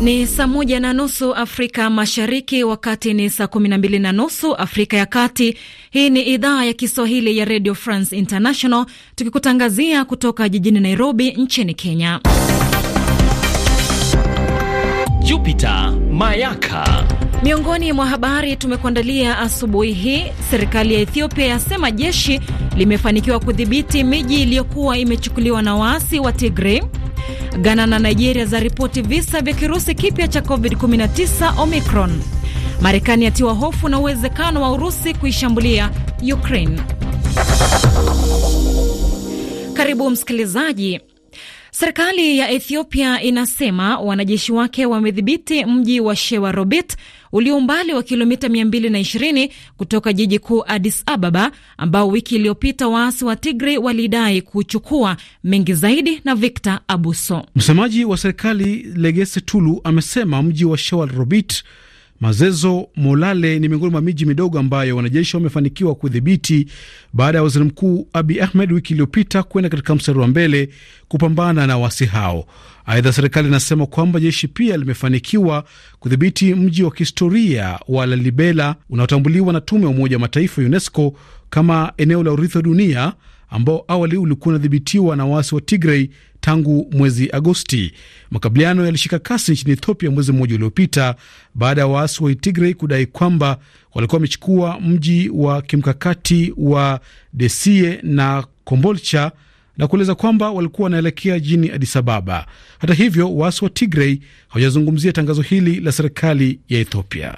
Ni saa moja na nusu Afrika Mashariki, wakati ni saa kumi na mbili na nusu Afrika ya Kati. Hii ni idhaa ya Kiswahili ya Radio France International, tukikutangazia kutoka jijini Nairobi nchini Kenya. Jupiter Mayaka. Miongoni mwa habari tumekuandalia asubuhi hii, serikali ya Ethiopia yasema jeshi limefanikiwa kudhibiti miji iliyokuwa imechukuliwa na waasi wa Tigray. Ghana na Nigeria za ripoti visa vya kirusi kipya cha COVID-19 Omicron. Marekani yatiwa hofu na uwezekano wa Urusi kuishambulia Ukraine. Karibu msikilizaji. Serikali ya Ethiopia inasema wanajeshi wake wamedhibiti mji wa Shewa Robit ulio umbali wa kilomita 220 kutoka jiji kuu Addis Ababa, ambao wiki iliyopita waasi wa Tigray walidai kuchukua. Mengi zaidi na Victor Abuso. Msemaji wa serikali Legesse Tulu amesema mji wa Shewa Robit Mazezo Molale ni miongoni mwa miji midogo ambayo wanajeshi wamefanikiwa kudhibiti baada ya waziri mkuu Abi Ahmed wiki iliyopita kwenda katika mstari wa mbele kupambana na wasi hao. Aidha, serikali inasema kwamba jeshi pia limefanikiwa kudhibiti mji wa kihistoria wa Lalibela unaotambuliwa na tume ya Umoja wa Mataifa UNESCO kama eneo la urithi wa dunia ambao awali ulikuwa unadhibitiwa na waasi wa Tigray tangu mwezi Agosti. Makabiliano yalishika kasi nchini Ethiopia mwezi mmoja uliopita baada ya waasi wa Tigray kudai kwamba walikuwa wamechukua mji wa kimkakati wa Desie na Kombolcha na kueleza kwamba walikuwa wanaelekea jijini Addis Ababa. Hata hivyo, waasi wa Tigray hawajazungumzia tangazo hili la serikali ya Ethiopia.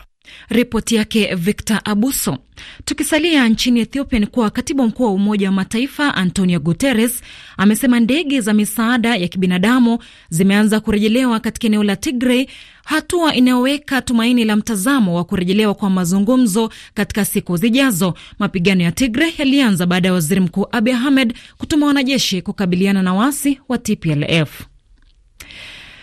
Ripoti yake Victor Abuso. Tukisalia nchini Ethiopia ni kuwa katibu mkuu wa Umoja wa Mataifa Antonio Guterres amesema ndege za misaada ya kibinadamu zimeanza kurejelewa katika eneo la Tigray, hatua inayoweka tumaini la mtazamo wa kurejelewa kwa mazungumzo katika siku zijazo. Mapigano ya Tigray yalianza baada ya waziri mkuu Abiy Ahmed kutuma wanajeshi kukabiliana na wasi wa TPLF.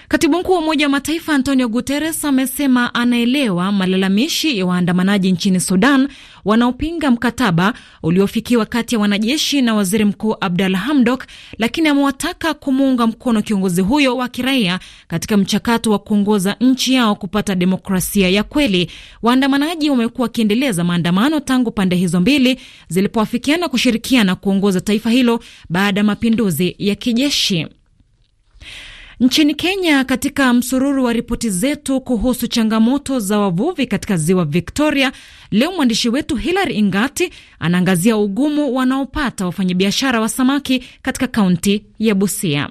Katibu mkuu wa Umoja wa Mataifa Antonio Guterres amesema anaelewa malalamishi ya waandamanaji nchini Sudan wanaopinga mkataba uliofikiwa kati ya wanajeshi na waziri mkuu Abdal Hamdok, lakini amewataka kumuunga mkono kiongozi huyo wa kiraia katika mchakato wa kuongoza nchi yao kupata demokrasia ya kweli. Waandamanaji wamekuwa wakiendeleza maandamano tangu pande hizo mbili zilipoafikiana kushirikiana kuongoza taifa hilo baada ya mapinduzi ya kijeshi. Nchini Kenya, katika msururu wa ripoti zetu kuhusu changamoto za wavuvi katika ziwa Victoria, leo mwandishi wetu Hilary Ingati anaangazia ugumu wanaopata wafanyabiashara wa samaki katika kaunti ya Busia.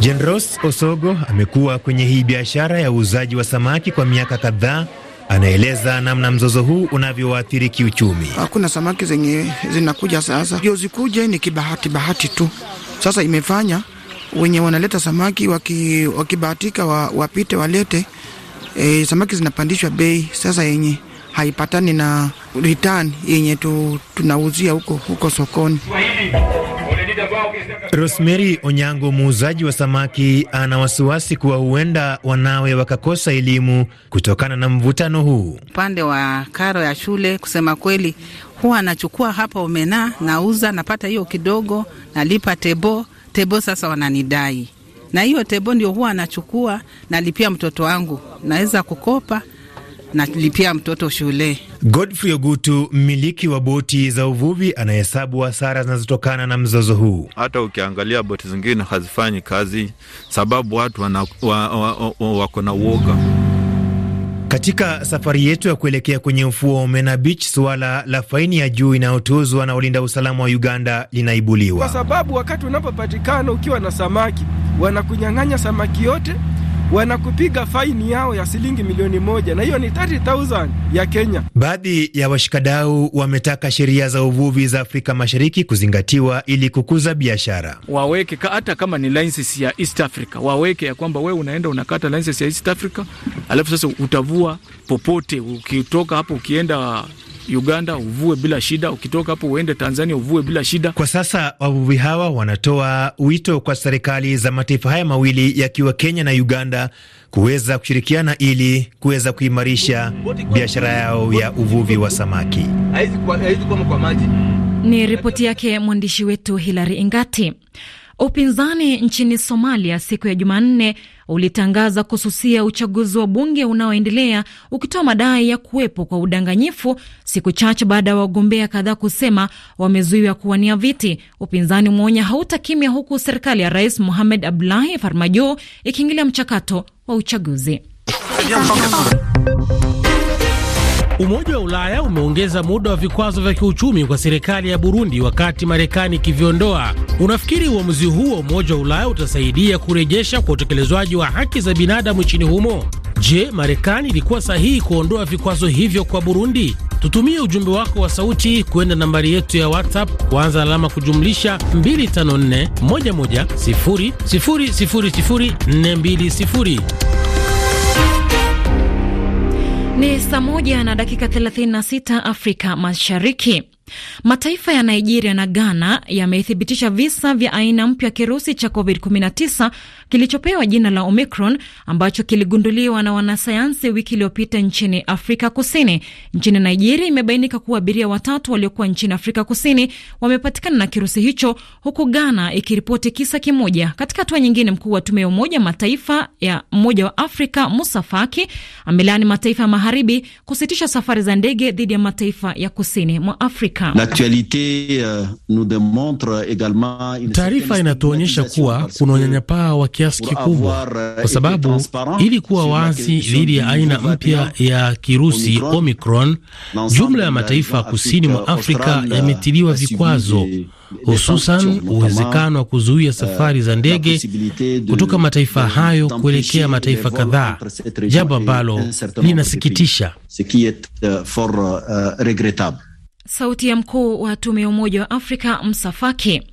Jenros Osogo amekuwa kwenye hii biashara ya uuzaji wa samaki kwa miaka kadhaa anaeleza namna mzozo huu unavyoathiri kiuchumi. Hakuna samaki zenye zinakuja sasa, ndio zikuje ni kibahati bahati tu. Sasa imefanya wenye wanaleta samaki waki, wakibahatika wa, wapite walete e, samaki zinapandishwa bei sasa yenye haipatani na return yenye tu, tunauzia huko huko sokoni. Rosemary Onyango, muuzaji wa samaki, ana wasiwasi kuwa huenda wanawe wakakosa elimu kutokana na mvutano huu. Upande wa karo ya shule, kusema kweli, huwa anachukua hapa omena, nauza, napata hiyo kidogo, nalipa tebo tebo. Sasa wananidai na hiyo tebo ndio huwa anachukua, nalipia mtoto wangu, naweza kukopa nalipia mtoto shule. Godfrey Ogutu, mmiliki wa boti za uvuvi, anahesabu hasara zinazotokana na mzozo huu. Hata ukiangalia boti zingine hazifanyi kazi, sababu watu wako wa, wa, wa, wa na uoga. Katika safari yetu ya kuelekea kwenye ufuo wa Omena Beach, suala la faini ya juu inayotozwa na walinda usalama wa Uganda linaibuliwa, kwa sababu wakati unapopatikana ukiwa na samaki wanakunyang'anya samaki yote wanakupiga faini yao ya shilingi milioni moja na hiyo ni 30,000 ya Kenya. Baadhi ya washikadau wametaka sheria za uvuvi za Afrika Mashariki kuzingatiwa ili kukuza biashara. Waweke hata kama ni license ya East Africa, waweke ya kwamba wewe unaenda unakata license ya East Africa, alafu sasa utavua popote ukitoka hapo ukienda Uganda uvue bila shida, ukitoka hapo uende Tanzania uvue bila shida. Kwa sasa wavuvi hawa wanatoa wito kwa serikali za mataifa haya mawili yakiwa Kenya na Uganda kuweza kushirikiana ili kuweza kuimarisha biashara yao ya uvuvi wa samaki. Ni ripoti yake mwandishi wetu Hilary Ingati. Upinzani nchini Somalia siku ya Jumanne ulitangaza kususia uchaguzi wa bunge unaoendelea ukitoa madai ya kuwepo kwa udanganyifu, siku chache baada ya wagombea kadhaa kusema wamezuiwa kuwania viti. Upinzani umeonya hautakimya, huku serikali ya Rais Mohamed Abdullahi Farmajo ikiingilia mchakato wa uchaguzi. Umoja wa Ulaya umeongeza muda wa vikwazo vya kiuchumi kwa serikali ya Burundi wakati Marekani ikiviondoa. Unafikiri uamuzi huu wa Umoja wa Ulaya utasaidia kurejesha kwa utekelezwaji wa haki za binadamu nchini humo? Je, Marekani ilikuwa sahihi kuondoa vikwazo hivyo kwa Burundi? Tutumie ujumbe wako wa sauti kwenda nambari yetu ya WhatsApp kuanza alama kujumlisha 254 11 000 420. Ni saa moja na dakika 36 Afrika Mashariki. Mataifa ya Nigeria na Ghana yamethibitisha visa vya aina mpya ya kirusi cha COVID-19 kilichopewa jina la Omicron ambacho kiligunduliwa na wanasayansi wiki iliyopita nchini Afrika Kusini. Nchini Nigeria imebainika kuwa abiria watatu waliokuwa nchini Afrika Kusini wamepatikana na kirusi hicho, huku Ghana ikiripoti kisa kimoja. Katika hatua nyingine, mkuu wa tume ya Umoja Mataifa ya Umoja wa Afrika Musa Faki amelaani mataifa ya magharibi kusitisha safari za ndege dhidi ya mataifa ya kusini mwa Afrika. Euh, Taarifa inatuonyesha kuwa kuna unyanyapaa wa kiasi kikubwa, euh, kwa sababu ili kuwa wazi dhidi ya aina mpya ya kirusi Omicron, jumla ya mataifa kusini mwa Afrika euh, yametiliwa vikwazo, hususan uwezekano wa kuzuia euh, safari za ndege kutoka mataifa hayo kuelekea mataifa kadhaa, jambo ambalo linasikitisha. Sauti ya mkuu wa tume ya Umoja wa Afrika Msafake.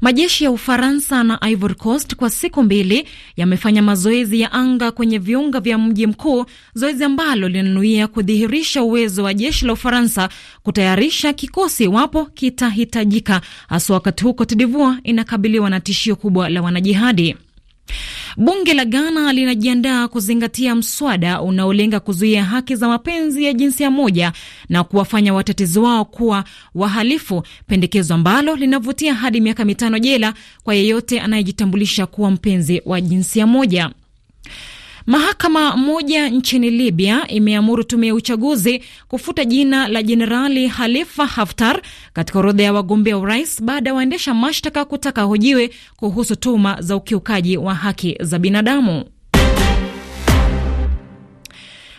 Majeshi ya Ufaransa na Ivory Coast kwa siku mbili yamefanya mazoezi ya anga kwenye viunga vya mji mkuu, zoezi ambalo linanuia kudhihirisha uwezo wa jeshi la Ufaransa kutayarisha kikosi iwapo kitahitajika, haswa wakati huu Cote d'Ivoire inakabiliwa na tishio kubwa la wanajihadi. Bunge la Ghana linajiandaa kuzingatia mswada unaolenga kuzuia haki za mapenzi ya jinsia moja na kuwafanya watetezi wao kuwa wahalifu, pendekezo ambalo linavutia hadi miaka mitano jela kwa yeyote anayejitambulisha kuwa mpenzi wa jinsia moja. Mahakama moja nchini Libya imeamuru tume ya uchaguzi kufuta jina la Jenerali halifa Haftar katika orodha ya wagombea urais baada ya waendesha mashtaka kutaka hojiwe kuhusu tuhuma za ukiukaji wa haki za binadamu.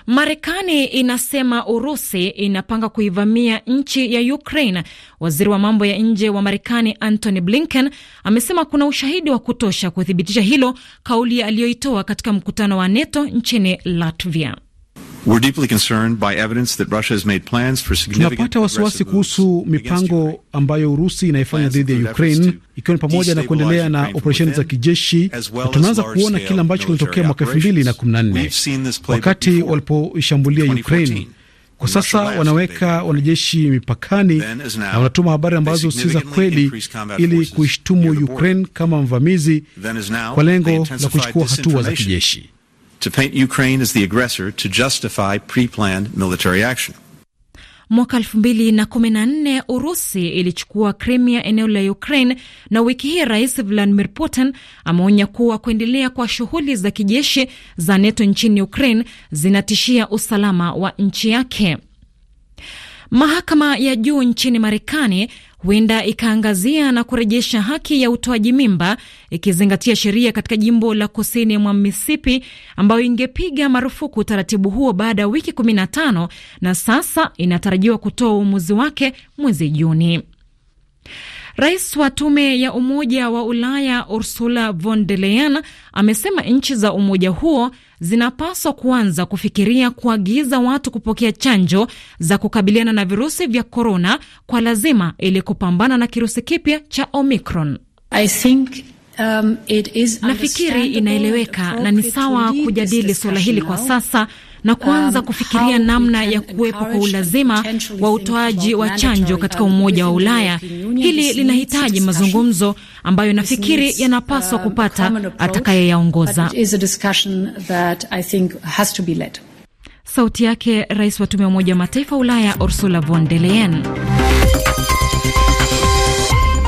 Marekani inasema Urusi inapanga kuivamia nchi ya Ukraine. Waziri wa mambo ya nje wa Marekani Antony Blinken amesema kuna ushahidi wa kutosha kuthibitisha hilo, kauli aliyoitoa katika mkutano wa NATO nchini Latvia. Tunapata wasiwasi kuhusu mipango ambayo Urusi inayefanya dhidi ya Ukraine, ikiwa ni pamoja na kuendelea na operesheni za kijeshi na tunaanza kuona kile ambacho kilitokea mwaka elfu mbili na kumi na nne wakati walipoishambulia Ukraine. Kwa sasa wanaweka wanajeshi mipakani na wanatuma habari ambazo si za kweli ili kuishtumu Ukraine kama mvamizi, kwa lengo la kuchukua hatua za kijeshi to paint Ukraine as the aggressor to justify pre-planned military action. Mwaka 2014 Urusi ilichukua Crimea, eneo la Ukraine, na wiki hii Rais Vladimir Putin ameonya kuwa kuendelea kwa shughuli za kijeshi za NATO nchini Ukraine zinatishia usalama wa nchi yake. Mahakama ya juu nchini Marekani huenda ikaangazia na kurejesha haki ya utoaji mimba ikizingatia sheria katika jimbo la kusini mwa Mississippi ambayo ingepiga marufuku utaratibu huo baada ya wiki 15 na sasa inatarajiwa kutoa uamuzi wake mwezi Juni. Rais wa tume ya Umoja wa Ulaya Ursula von der Leyen amesema nchi za umoja huo zinapaswa kuanza kufikiria kuagiza watu kupokea chanjo za kukabiliana na virusi vya korona kwa lazima ili kupambana na kirusi kipya cha Omicron. I think Um, it is nafikiri inaeleweka na ni sawa kujadili suala hili kwa um, sasa na kuanza kufikiria namna ya kuwepo kwa ulazima wa utoaji wa chanjo katika Umoja wa Ulaya Hili linahitaji mazungumzo ambayo nafikiri yanapaswa uh, kupata atakayeyaongoza. Sauti yake rais wa tume ya Umoja wa Mataifa Ulaya Ursula von der Leyen.